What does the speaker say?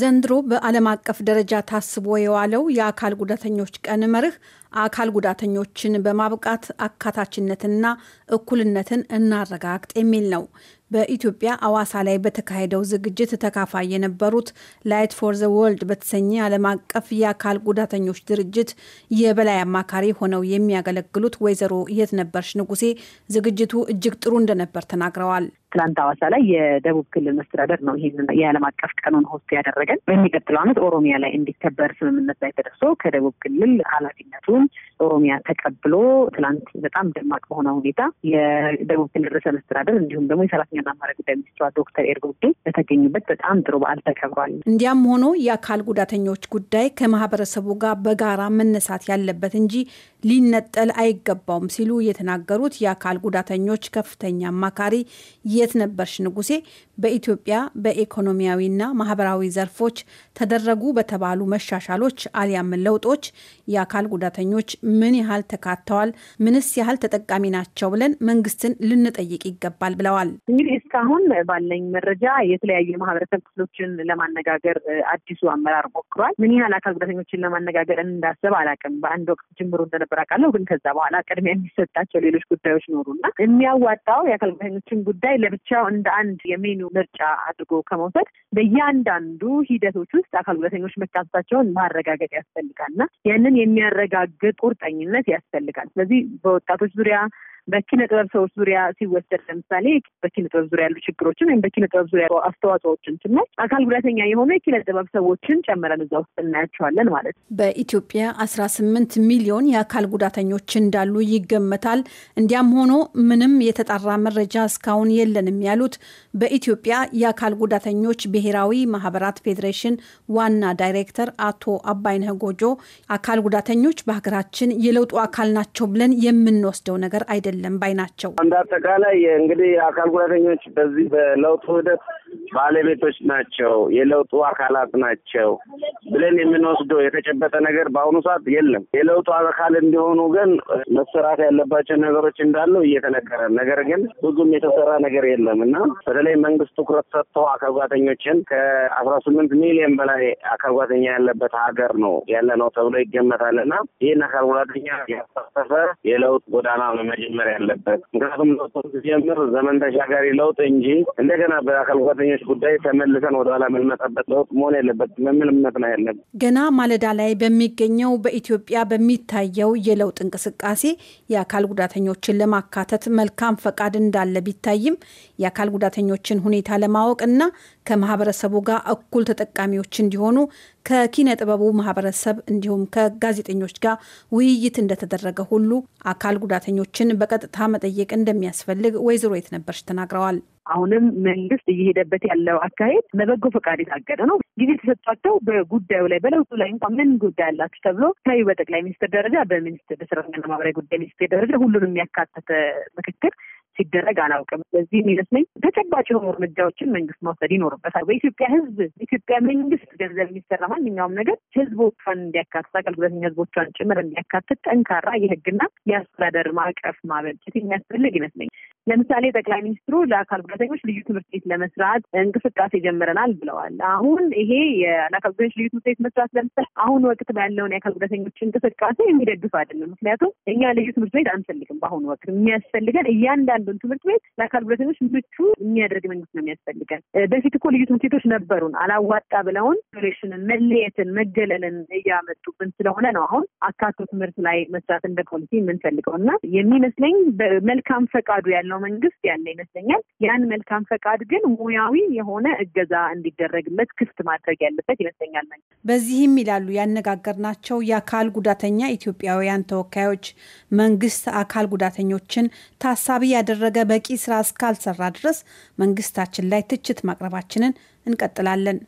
ዘንድሮ በዓለም አቀፍ ደረጃ ታስቦ የዋለው የአካል ጉዳተኞች ቀን መርህ አካል ጉዳተኞችን በማብቃት አካታችነትና እኩልነትን እናረጋግጥ የሚል ነው። በኢትዮጵያ አዋሳ ላይ በተካሄደው ዝግጅት ተካፋይ የነበሩት ላይት ፎር ዘ ወርልድ በተሰኘ ዓለም አቀፍ የአካል ጉዳተኞች ድርጅት የበላይ አማካሪ ሆነው የሚያገለግሉት ወይዘሮ የትነበርሽ ንጉሴ ዝግጅቱ እጅግ ጥሩ እንደነበር ተናግረዋል። ትላንት አዋሳ ላይ የደቡብ ክልል መስተዳደር ነው ይህንን የዓለም አቀፍ ቀኑን ሆስት ያደረገን። በሚቀጥለው ዓመት ኦሮሚያ ላይ እንዲከበር ስምምነት ላይ ተደርሶ ከደቡብ ክልል ኃላፊነቱን ኦሮሚያ ተቀብሎ ትላንት በጣም ደማቅ በሆነ ሁኔታ የደቡብ ክልል ርዕሰ መስተዳደር እንዲሁም ደግሞ የሰራተኛና አማራ ጉዳይ ሚኒስትሯ ዶክተር ኤርጎጌ በተገኙበት በጣም ጥሩ በዓል ተከብሯል። እንዲያም ሆኖ የአካል ጉዳተኞች ጉዳይ ከማህበረሰቡ ጋር በጋራ መነሳት ያለበት እንጂ ሊነጠል አይገባውም ሲሉ የተናገሩት የአካል ጉዳተኞች ከፍተኛ አማካሪ የት ነበርሽ ንጉሴ በኢትዮጵያ በኢኮኖሚያዊና ማህበራዊ ዘርፎች ተደረጉ በተባሉ መሻሻሎች አሊያም ለውጦች የአካል ጉዳተኞች ምን ያህል ተካተዋል? ምንስ ያህል ተጠቃሚ ናቸው? ብለን መንግስትን ልንጠይቅ ይገባል ብለዋል። እንግዲህ እስካሁን ባለኝ መረጃ የተለያዩ የማህበረሰብ ክፍሎችን ለማነጋገር አዲሱ አመራር ሞክሯል። ምን ያህል አካል ጉዳተኞችን ለማነጋገር እንዳሰብ አላውቅም። በአንድ ወቅት ጅምሩ እንደነ እንደነበር አውቃለሁ። ግን ከዛ በኋላ ቅድሚያ የሚሰጣቸው ሌሎች ጉዳዮች ኖሩና የሚያዋጣው የአካል ጉዳተኞችን ጉዳይ ለብቻው እንደ አንድ የሜኑ ምርጫ አድርጎ ከመውሰድ በእያንዳንዱ ሂደቶች ውስጥ አካል ጉዳተኞች መካተታቸውን ማረጋገጥ ያስፈልጋል እና ያንን የሚያረጋግጥ ቁርጠኝነት ያስፈልጋል። ስለዚህ በወጣቶች ዙሪያ በኪነ ጥበብ ሰዎች ዙሪያ ሲወሰድ ለምሳሌ በኪነ ጥበብ ዙሪያ ያሉ ችግሮችን ወይም በኪነ ጥበብ ዙሪያ አስተዋጽኦዎችን ስናይ አካል ጉዳተኛ የሆኑ የኪነ ጥበብ ሰዎችን ጨምረን እዛ ውስጥ እናያቸዋለን ማለት ነው። በኢትዮጵያ አስራ ስምንት ሚሊዮን የአካል ጉዳተኞች እንዳሉ ይገመታል። እንዲያም ሆኖ ምንም የተጣራ መረጃ እስካሁን የለንም ያሉት በኢትዮጵያ የአካል ጉዳተኞች ብሔራዊ ማህበራት ፌዴሬሽን ዋና ዳይሬክተር አቶ አባይነህ ጎጆ አካል ጉዳተኞች በሀገራችን የለውጡ አካል ናቸው ብለን የምንወስደው ነገር አይደለም አይደለም ባይ ናቸው። እንደ አጠቃላይ እንግዲህ አካል ጉዳተኞች በዚህ በለውጡ ሂደት ባለቤቶች ናቸው፣ የለውጡ አካላት ናቸው ብለን የምንወስደው የተጨበጠ ነገር በአሁኑ ሰዓት የለም። የለውጡ አካል እንዲሆኑ ግን መሰራት ያለባቸው ነገሮች እንዳለው እየተነገረ ነገር ግን ብዙም የተሰራ ነገር የለም እና በተለይ መንግስት ትኩረት ሰጥቶ አካል ጉዳተኞችን ከአስራ ስምንት ሚሊዮን በላይ አካል ጉዳተኛ ያለበት ሀገር ነው ያለ ነው ተብሎ ይገመታል እና ይህን አካል ጉዳተኛ ያሳተፈ የለውጥ ጎዳና መጀመ መጀመር ያለበት። ምክንያቱም ለውጡን ሲጀምር ዘመን ተሻጋሪ ለውጥ እንጂ እንደገና በአካል ጉዳተኞች ጉዳይ ተመልሰን ወደኋላ የምንመጣበት ለውጥ መሆን ያለበት በሚል እምነት ነው ያለን። ገና ማለዳ ላይ በሚገኘው በኢትዮጵያ በሚታየው የለውጥ እንቅስቃሴ የአካል ጉዳተኞችን ለማካተት መልካም ፈቃድ እንዳለ ቢታይም የአካል ጉዳተኞችን ሁኔታ ለማወቅ እና ከማህበረሰቡ ጋር እኩል ተጠቃሚዎች እንዲሆኑ ከኪነ ጥበቡ ማህበረሰብ እንዲሁም ከጋዜጠኞች ጋር ውይይት እንደተደረገ ሁሉ አካል ጉዳተኞችን በቀጥታ መጠየቅ እንደሚያስፈልግ ወይዘሮ የትነበርሽ ተናግረዋል። አሁንም መንግስት እየሄደበት ያለው አካሄድ ለበጎ ፈቃድ የታገደ ነው። ጊዜ ተሰጥቷቸው በጉዳዩ ላይ በለውጡ ላይ እንኳ ምን ጉዳይ አላችሁ ተብሎ ተለያዩ በጠቅላይ ሚኒስትር ደረጃ በሚኒስትር በስራና ማህበራዊ ጉዳይ ሚኒስቴር ደረጃ ሁሉንም የሚያካተተ ምክክር ሲደረግ አላውቅም። ስለዚህ የሚመስለኝ ተጨባጭ የሆኑ እርምጃዎችን መንግስት መውሰድ ይኖርበታል። በኢትዮጵያ ህዝብ በኢትዮጵያ መንግስት ገንዘብ የሚሰራ ማንኛውም ነገር ህዝቦቿን እንዲያካትት አገልግሎተኛ ህዝቦቿን ጭምር እንዲያካትት ጠንካራ የህግና የአስተዳደር ማዕቀፍ ማበጀት የሚያስፈልግ ይመስለኝ ለምሳሌ ጠቅላይ ሚኒስትሩ ለአካል ጉዳተኞች ልዩ ትምህርት ቤት ለመስራት እንቅስቃሴ ጀምረናል ብለዋል። አሁን ይሄ ለአካል ጉዳተኞች ልዩ ትምህርት ቤት መስራት ለምሳሌ አሁን ወቅት ያለውን የአካል ጉዳተኞች እንቅስቃሴ የሚደግፍ አይደለም። ምክንያቱም እኛ ልዩ ትምህርት ቤት አንፈልግም። በአሁኑ ወቅት የሚያስፈልገን እያንዳንዱን ትምህርት ቤት ለአካል ጉዳተኞች ምቹ የሚያደርግ መንግስት ነው የሚያስፈልገን። በፊት እኮ ልዩ ትምህርት ቤቶች ነበሩን፣ አላዋጣ ብለውን ሌሽንን፣ መለየትን፣ መገለልን እያመጡብን ስለሆነ ነው አሁን አካቶ ትምህርት ላይ መስራት እንደ ፖሊሲ የምንፈልገው እና የሚመስለኝ መልካም ፈቃዱ ያለው የሚሰራው መንግስት ያለ ይመስለኛል። ያን መልካም ፈቃድ ግን ሙያዊ የሆነ እገዛ እንዲደረግለት ክፍት ማድረግ ያለበት ይመስለኛል መንግስት። በዚህም ይላሉ ያነጋገርናቸው የአካል ጉዳተኛ ኢትዮጵያውያን ተወካዮች መንግስት አካል ጉዳተኞችን ታሳቢ ያደረገ በቂ ስራ እስካልሰራ ድረስ መንግስታችን ላይ ትችት ማቅረባችንን እንቀጥላለን።